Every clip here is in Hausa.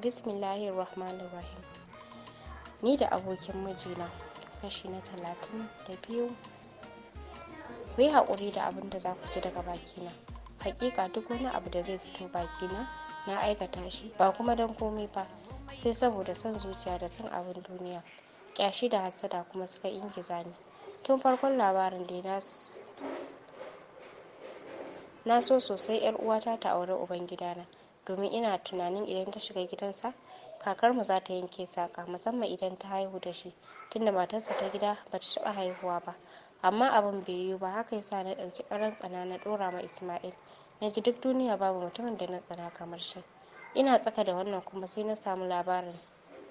bismillahir rahmanir rahim ni da abokin mijina kashi na talatin da biyu ku haƙuri da abin da za ku ji daga bakina hakika duk wani abu da zai fito bakina na aikata shi ba kuma dan komai ba sai saboda son zuciya da son abin duniya ƙyashi da hassada kuma suka ingiza ni tun farkon labarin da na na so sosai yar uwata ta auri ubangidana domin ina tunanin idan ta shiga gidansa kakarmu za ta yanke saƙa musamman idan ta haihu da shi tunda matarsa ta gida ba ta taɓa haihuwa ba amma abin bai yiwu ba haka ya sa na ɗauki ƙaran tsana na ɗora ma ismail na ji duk duniya babu mutumin da na tsana kamar shi ina tsaka da wannan kuma sai na samu labarin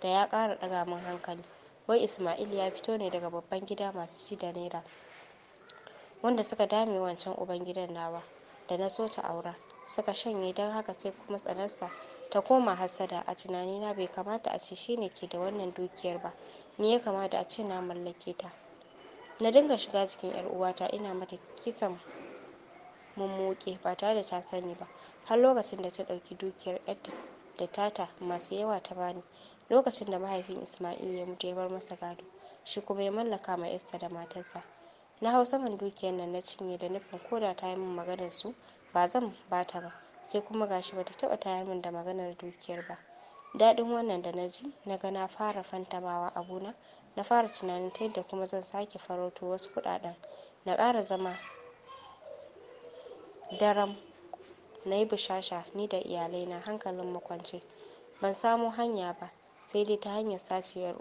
da ya ƙara ɗaga min hankali wai ismail ya fito ne daga babban gida masu ci da naira wanda suka dame wancan uban gidan nawa da na so ta aura suka shanye don haka sai kuma tsanarsa ta koma hassada a tunanina bai kamata a ce shi ne ke da wannan dukiyar ba ni ya kamata a ce na mallake ta na dinga shiga jikin yar uwata ina mata kisan mummuke ba tare da ta sani ba har lokacin da ta ɗauki dukiyar yarta da tata masu yawa ta bani lokacin da mahaifin isma'il ya mutu ya bar masa gado shi kuma ya mallaka ma yarsa da matarsa na hau saman dukiyar nan na cinye da nufin koda ta yi min maganar su ba zan ba ta ba sai kuma gashi bata taɓa tayar min da maganar dukiyar ba daɗin wannan da na ji na ga na fara fantamawa abuna na fara tunanin ta yadda kuma zan sake farauto wasu kuɗaɗen na ƙara zama daram na yi bushasha ni da iyalai na hankalin makwance ban samo hanya ba sai dai ta hanyar sace yar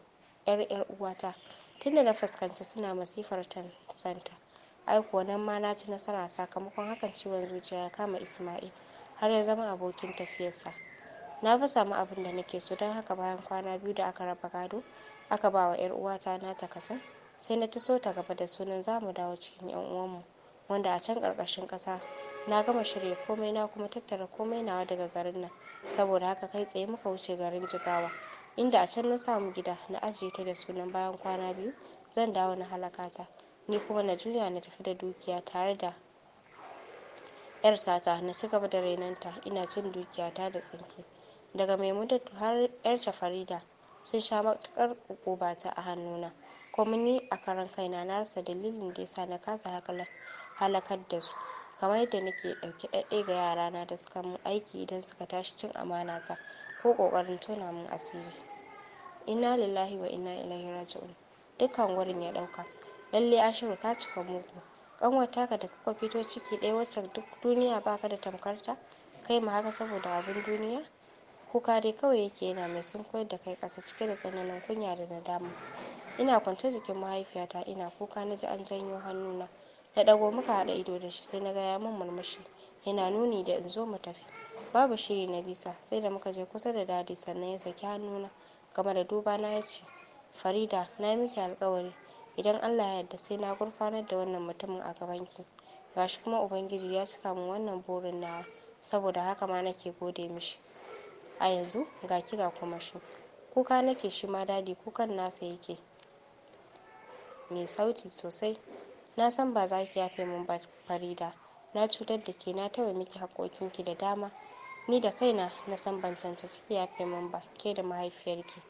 yar uwata tunda na fuskanci suna masifar santa ai kuwa nan ma na ci nasara sakamakon hakan ciwon zuciya ya kama isma'il har ya zama abokin tafiyarsa na fi samu abin da nake so don haka bayan kwana biyu da aka raba gado aka ba wa 'yar uwata na ta kasan sai na taso ta gaba da sunan za mu dawo cikin 'yan uwanmu wanda a can ƙarƙashin ƙasa na gama shirya komai na kuma tattara komai nawa daga garin nan saboda haka kai tsaye muka wuce garin jigawa inda a can na samu gida na ajiye ta da sunan bayan kwana biyu zan dawo na halaka ta ni kuma na juya na tafi da dukiya tare da yar sata na ci gaba da ta ina cin dukiyata da tsinke daga maimunatu har yarta farida sun sha matuƙar ƙuƙubata a hannuna kuma ni a karan kaina na rasa dalilin da yasa na kasa halakar da su kamar yadda nake ɗauke ɗaɗɗe ga yarana da suka mun aiki idan suka tashi cin amana ta ko ƙoƙarin tona mun asiri inna lillahi wa inna ilaihi raji'un dukkan wurin ya ɗauka an ashiru ka cika mugu kanwar taka da kuka fito ciki ɗaya wacce duk duniya baka da tamkarta kai ma haka saboda abin duniya kuka dai kawai yake yana mai sun koyar da kai ƙasa cike da tsananin kunya da nadama ina kwance jikin mahaifiyata ina kuka na ji an janyo hannuna na ɗago muka haɗa ido da shi sai na ga ya min murmushi yana nuni da in zo mu tafi babu shiri na bisa sai da muka je kusa da dadi sannan ya saki hannuna game da duba na ya ce farida na miki alkawari idan allah ya yarda sai na gurfanar da wannan mutumin a gabanki gashi kuma ubangiji ya cika min wannan burin nawa saboda haka ma nake gode mishi a yanzu ga ki ga kuma shi kuka nake shi ma dadi kukan nasa yake mai sauti sosai na san ba za ki yafe min ba farida na cutar da ke na taɓa miki ki da dama ni da kaina na san ban cancanci ki yafe min ba ke da mahaifiyarki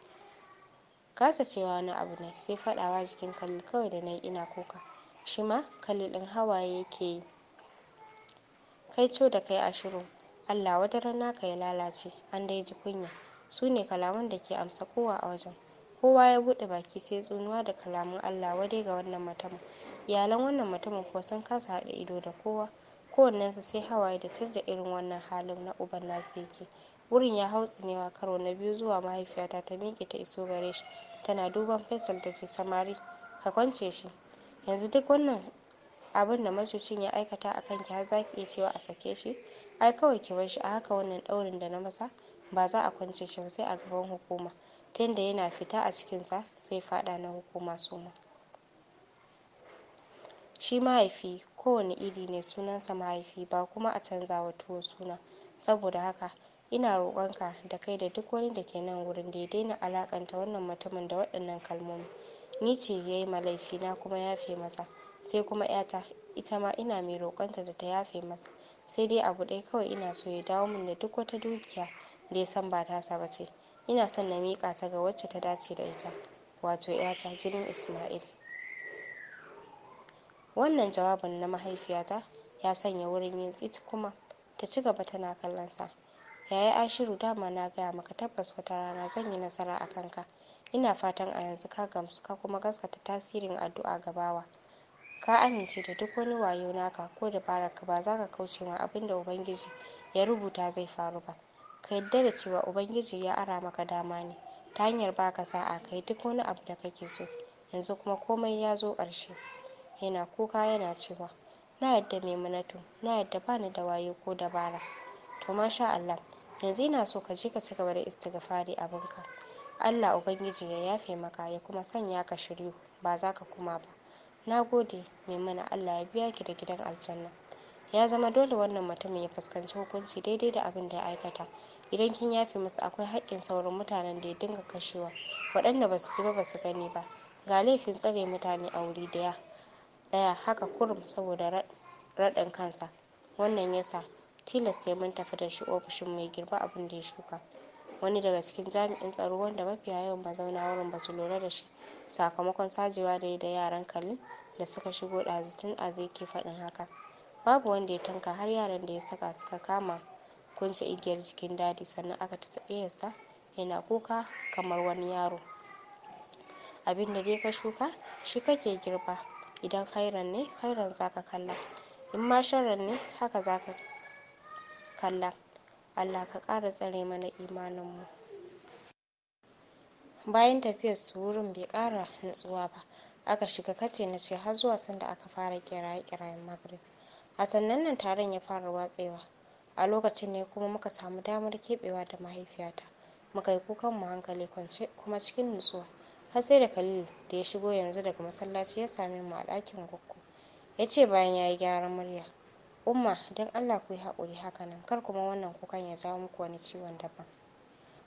kasa cewa wani abu ne sai fadawa jikin kalli kawai da nayi ina kuka shi ma Khalil ɗin hawaye yake yi kai co da kai a shiru Allah wata rana ka ya lalace an dai ji kunya su ne kalaman da ke amsa kowa a wajen kowa ya buɗe baki sai tsunuwa da kalaman Allah wadai ga wannan mutumin iyalan wannan mutumin kuwa sun kasa haɗa ido da kowa kowannensu sai hawaye da tir da irin wannan halin na uban nasu yake wurin ya hau tsinewa karo na biyu zuwa mahaifiyata ta miƙe ta iso gare shi tana duban faisal da ce samari ka kwance shi yanzu duk wannan abin da macocin ya aikata a kanki har za ki iya cewa a sake shi ai kawai ki bar shi a haka wannan ɗaurin da na masa ba za a kwance shi ba sai a gaban hukuma ta yanda yana fita a cikinsa zai faɗa na hukuma suma Shi mahaifi kowane iri ne sunansa mahaifi ba kuma a canza wa tuwo suna. Saboda haka ina roƙonka da kai da duk wani da ke nan wurin da ya daina alaƙanta wannan mutumin da waɗannan kalmomi. Ni ce ya yi ma na kuma yafe masa, sai kuma 'yata ita ma ina mai roƙonta da ta yafe masa. Sai dai abu ɗaya kawai ina so ya dawo min da duk wata dukiya da ya san ba tasa ba ce. Ina son na miƙa ta ga wacce ta dace da ita, wato 'yata jinin Ismail. wannan jawabin na mahaifiyata ya sanya wurin yin tsit kuma ta ci gaba tana kallon sa yaya ashiru dama na gaya maka tabbas wata rana zan yi nasara a kanka ina fatan a yanzu ka gamsu ka kuma gaskata tasirin addu'a ga bawa ka amince da duk wani wayo naka ko dabarar ka ba za ka kauce ma abin da ubangiji ya rubuta zai faru ba ka yadda da cewa ubangiji ya ara maka dama ne ta hanyar baka sa'a kai duk wani abu da kake so yanzu kuma komai ya zo ƙarshe yana kuka yana cewa na yadda maimunatu na yadda bani da waye ko dabara to masha Allah yanzu ina so ka je ka ci gaba da istighfari abinka Allah ubangiji ya yafe maka ya kuma sanya ka shiryu ba za ka kuma ba na gode maimuna Allah ya biya ki da gidan aljanna ya zama dole wannan mutumin ya fuskanci hukunci daidai da abin da ya aikata idan kin yafe musu akwai haƙƙin sauran mutanen da ya dinga kashewa waɗanda ba su ji ba ba su gani ba ga laifin tsare mutane a wuri daya ɗaya haka kurum saboda raɗin kansa wannan ya sa tilas sai mun tafi da shi ofishin mai girba abin da ya shuka wani daga cikin jami'in tsaro wanda mafiya yawan mazauna wurin ba su lura da shi sakamakon sajewa da ya da yaran kalli da suka shigo ɗazu tun a zai ke faɗin haka babu wanda ya tanka har yaran da ya saka suka kama kunce igiyar jikin dadi sannan aka ta tsayarsa yana kuka kamar wani yaro abin da dai ka shuka shi kake girba Idan hairan ne, hairan za ka kalla. In ma sharran ne, haka za ka kalla. Allah ka ƙara tsare mana imanin mu Bayan tafiyar su wurin bai ƙara nutsuwa ba, aka shiga kace na ce har zuwa sanda aka fara ƙiraye-ƙirayen maghrib A sannan nan taron ya fara watsewa. A lokacin ne kuma muka samu damar keɓewa da mahaifiyata. Muka yi kukan mu hankali kwance kuma cikin nutsuwa. har sai da khalil da ya shigo yanzu daga masallaci ya same mu a ɗakin gukku ya ce bayan ya yi gyaran murya umma don allah ku yi haƙuri haka nan kar kuma wannan kukan ya jawo muku wani ciwon daban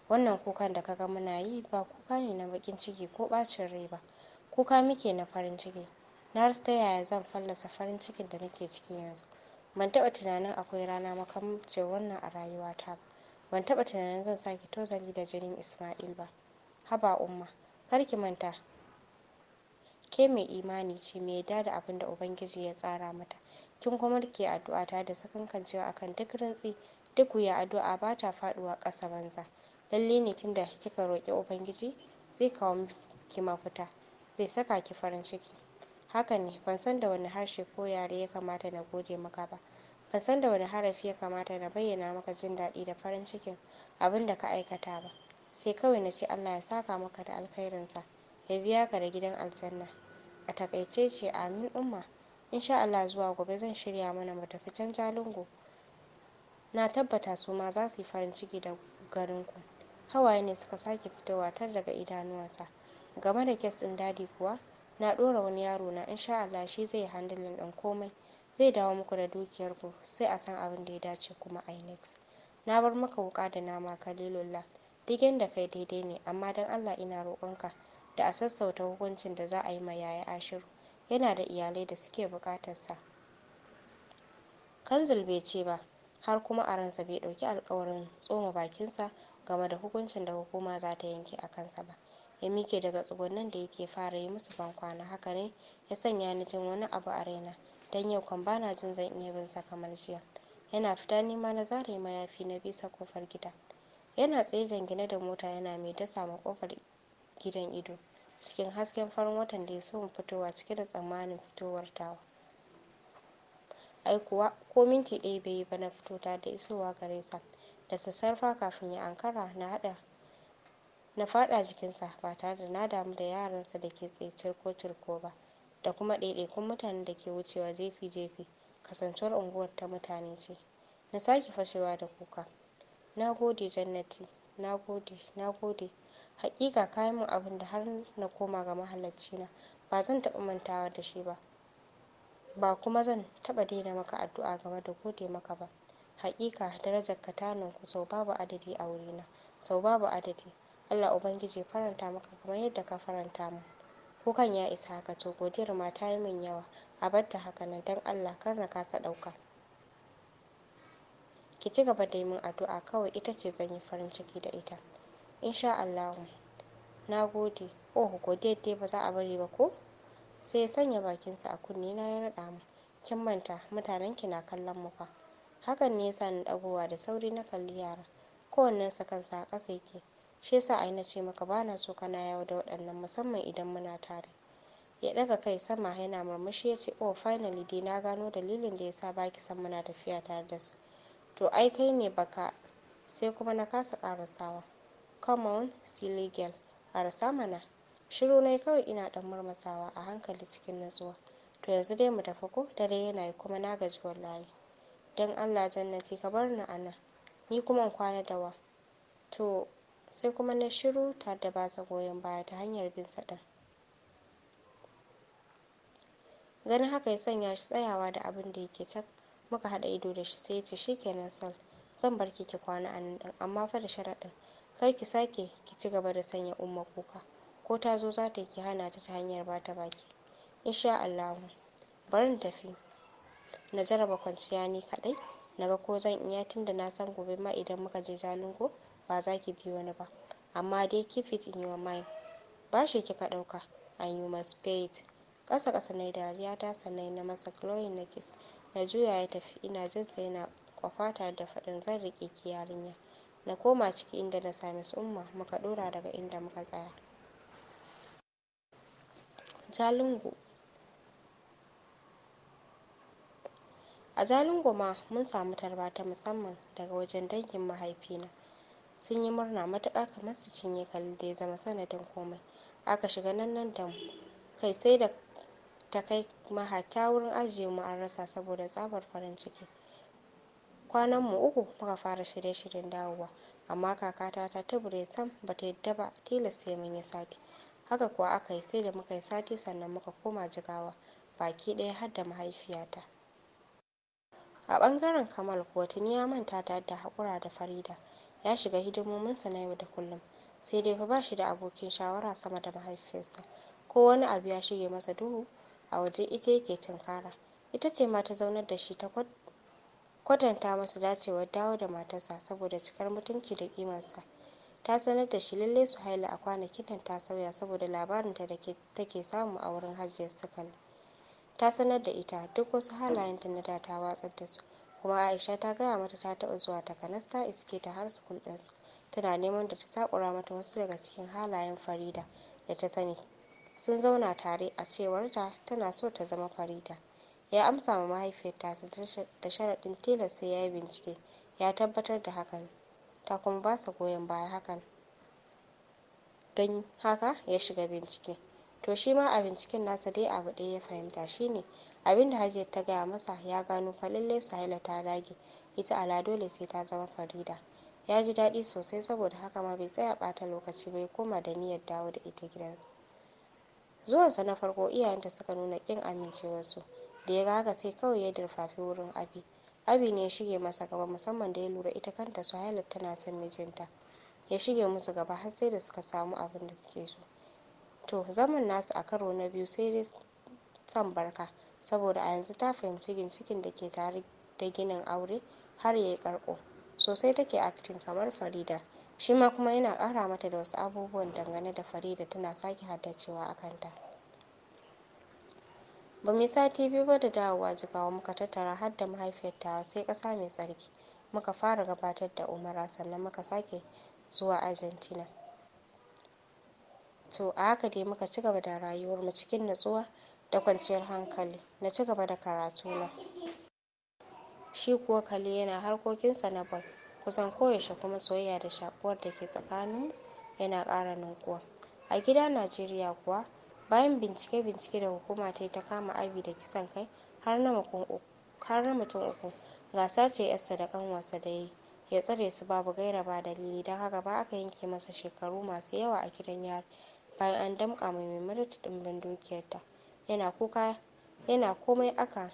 wannan kukan da kaga muna yi ba kuka ne na bakin ciki ko ɓacin rai ba kuka muke na farin ciki na rasa ta yaya zan fallasa farin cikin da nake ciki yanzu ban taɓa tunanin akwai rana makamcin wannan a rayuwata ba ban taɓa tunanin zan sake tozali da jinin ismail ba haba umma kar ki manta ke mai imani ce mai yarda da abin da ubangiji ya tsara mata kin kuma rike addu'a ta da sakankancewa akan duk rantsi duk wuya addu'a ba ta faduwa ƙasa banza lallai ne tunda kika roƙi ubangiji zai kawo ki mafita zai saka ki farin ciki haka ne ban san da wani harshe ko yare ya kamata na gode maka ba ban san da wani harafi ya kamata na bayyana maka jin daɗi da farin cikin abin da ka aikata ba sai kawai na ce Allah ya saka maka da alkhairinsa ya biya ka da gidan aljanna a takaice ce amin umma insha Allah zuwa gobe zan shirya mana mu tafi can jalingo na tabbata su ma za su yi farin ciki da garinku hawaye ne suka sake fitowa tar daga idanuwansa game da kes ɗin dadi kuwa na ɗora wani yaro na insha Allah shi zai yi handilin ɗin komai zai dawo muku da dukiyarku sai a san abin da ya dace kuma inex na bar maka wuƙa da nama kalilullah duk yadda kai daidai ne amma don allah ina roƙonka da a sassauta hukuncin da za a yi ma yaya ashiru yana da iyalai da suke sa. kanzil bai ce ba har kuma a ransa bai ɗauki alkawarin tsoma bakinsa game da hukuncin da hukuma za ta yanke a kansa ba ya mike daga tsugunnan da yake fara yi musu bankwana haka ne ya sanya ni jin wani abu a raina don yau kan bana jin zan iya bin sa kamar jiya yana fita nema na zare mayafi na bisa kofar gida yana tsaye jingine da mota yana mai dasa ma kofar gidan ido cikin hasken farin watan da ya so fitowa cike da tsammanin fitowar tawa ai kuwa ko minti ɗaya bai yi ba na fito ta da isowa gare sa da sassarfa kafin ya ankara na haɗa na faɗa jikinsa ba tare da na damu da yaransa da ke tsaye cirko-cirko ba da kuma ɗaiɗaikun mutanen da ke wucewa jefi-jefi kasancewar unguwar ta mutane ce na sake fashewa da kuka Na gode Jannati, na gode, na gode. Haƙiƙa ka yi min abin da har na koma ga na ba zan taɓa mantawa da shi ba. Ba kuma zan taɓa daina maka addu'a game da gode maka ba. Haƙiƙa ka ta ninku sau babu adadi a wurina, sau babu adadi. Allah Ubangiji ya faranta maka kamar yadda ka faranta min. Kukan ya isa haka to godiyar ma ta yi min yawa. A bar ta haka nan don Allah kar na kasa ɗauka. ki ci gaba da yi min addu'a kawai ita ce zan yi farin ciki da ita insha Allahu na gode oh godiyar ba za a bari ba ko sai ya sanya bakinsa a kunne na ya raɗa mu kin manta mutanen ki na kallon mu fa hakan ne yasa ni dagowa da sauri na kalli yara kowannen sa kansa a kasa yake shi yasa ai na ce maka bana so kana yawo da waɗannan musamman idan muna tare ya daga kai sama yana murmushi ya ce oh finally dai na gano dalilin da yasa baki san muna tafiya tare da su to ai kai ne baka sai kuma na kasa karasawa. come on silly girl mana shiru nai kawai ina ɗan murmusawa a hankali cikin natsuwa to yanzu dai mu tafi ko dare yana yi kuma na gaji wallahi dan allah jannati ka bar ni a nan ni kuma kwana da wa to sai kuma na shiru tare da basa goyon baya ta hanyar bin sa ɗin ganin haka ya sanya shi tsayawa da abin da yake can Muka haɗa ido da shi sai ya ce kenan Sol zan bar ki ki kwana a nan ɗin amma fa da sharaɗin kar ki sake ki ci gaba da sanya Umma kuka ko ta zo za ta yi ki hana ta ta hanyar ba ta baki insha Allahu bari in tafi na jaraba kwanciya ni kaɗai na ga ko zan iya da na san gobe ma idan muka je Jalingo ba za ki bi wani ba amma dai keep it in your mind bashi kika ɗauka and you must pay it ƙasa ƙasa na yi dariya ta sannan na masa glowing na kiss na juya ya tafi ina jin sa yana kwafata da faɗin zan riƙe ki yarinya na koma ciki inda na sami su umma muka ɗora daga inda muka tsaya jalingo a jalingo ma mun samu tarba ta musamman daga wajen dangin mahaifina sun yi murna matuka kamar su cinye kalli da ya zama sanadin komai aka shiga nan nan da mu kai sai da ta kai mahata wurin ajiye mu an rasa saboda tsabar farin ciki kwanan mu uku muka fara shirye-shiryen dawowa amma kakata ta tubure sam bata yadda ba tilas sai mun yi sati haka kuwa aka yi sai da muka yi sati sannan muka koma jigawa baki ɗaya har da mahaifiyata a ɓangaren kamal kuwa tuni ya manta ta da haƙura da farida ya shiga hidimominsa na yau da kullum sai dai fa ba shi da abokin shawara sama da mahaifiyarsa ko wani abu ya shige masa duhu a waje ita yake tunkara ita ce ma ta zaunar da shi ta kwatanta masa dacewar dawo da matarsa saboda cikar mutunci da ƙimarsa ta sanar da shi lallai haila a kwanakin nan ta sauya saboda labarinta da take samu a wurin hajiyar sukal ta sanar da ita duk wasu halayenta na da ta watsar da su kuma aisha ta gaya mata ta taɓa zuwa takanas ta iske ta har sukul ɗinsu tana neman da ta saƙura mata wasu daga cikin halayen farida da ta sani sun zauna tare a cewarta tana so ta zama farida ya amsa ma mahaifiyarta da sharaɗin tilasta sai ya yi bincike ya tabbatar da hakan ta kuma ba sa goyon baya hakan don haka ya shiga bincike to shi ma a binciken nasa dai abu ɗaya ya fahimta shine abin da hajiyar ta gaya masa ya gano fa lallai sahila ta dage ita ala dole sai ta zama farida ya ji daɗi sosai saboda haka ma bai tsaya ɓata lokaci ba ya koma da niyyar dawo da ita gidansu zuwansa na farko iyayenta suka nuna ƙin amincewarsu da ya ga haka sai kawai ya durfafi wurin abi abi ne ya shige masa gaba musamman da ya lura ita kanta suhailat tana son mijinta ya shige musu gaba har sai da suka samu abin da suke so to zaman nasu a karo na biyu sai dai son barka saboda a yanzu ta fahimci ginshikin da ke tare da ginin aure har ya yi karko sosai take acting kamar farida shi ma kuma yana ƙara mata da wasu abubuwan dangane da fari da tana sake haddacewa a kanta ba mu sati biyu ba da dawowa jigawa muka tattara har da mahaifiyar tawa sai ƙasa mai tsarki muka fara gabatar da umara sannan muka sake zuwa argentina to a haka dai muka ci gaba da rayuwarmu cikin natsuwa da kwanciyar hankali na ci gaba da karatu na shi kuwa kale yana harkokinsa na bal kusan koyaushe kuma soyayya da shakuwar da ke tsakaninmu yana ƙara ninkuwa. A gida Najeriya kuwa, bayan bincike-bincike da hukuma ta ta kama abi da kisan kai har na mutum uku, gasa ce ‘yarsa da ƙanwarsa da ya ya tsare su babu gaira ba dalili don haka ba aka yanke masa shekaru masu yawa a gidan yari bayan an damƙa mai murtu ɗimbin dukiyarta, yana komai aka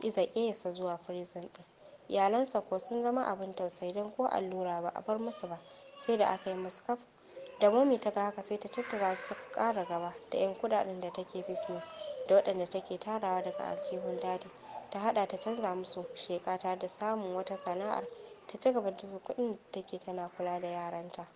yi zaƙe zuwa prison ɗin. iyalansa kuwa sun zama abin tausayi don ko allura ba a bar musu ba sai da aka yi musu kaf da momi ta ga haka sai ta tattara su suka ƙara gaba da 'yan kudaden da take business da waɗanda take tarawa daga aljihun dadi ta haɗa ta canza musu sheka tare da samun wata sana'ar ta ci gaba da kuɗin da take tana kula da yaranta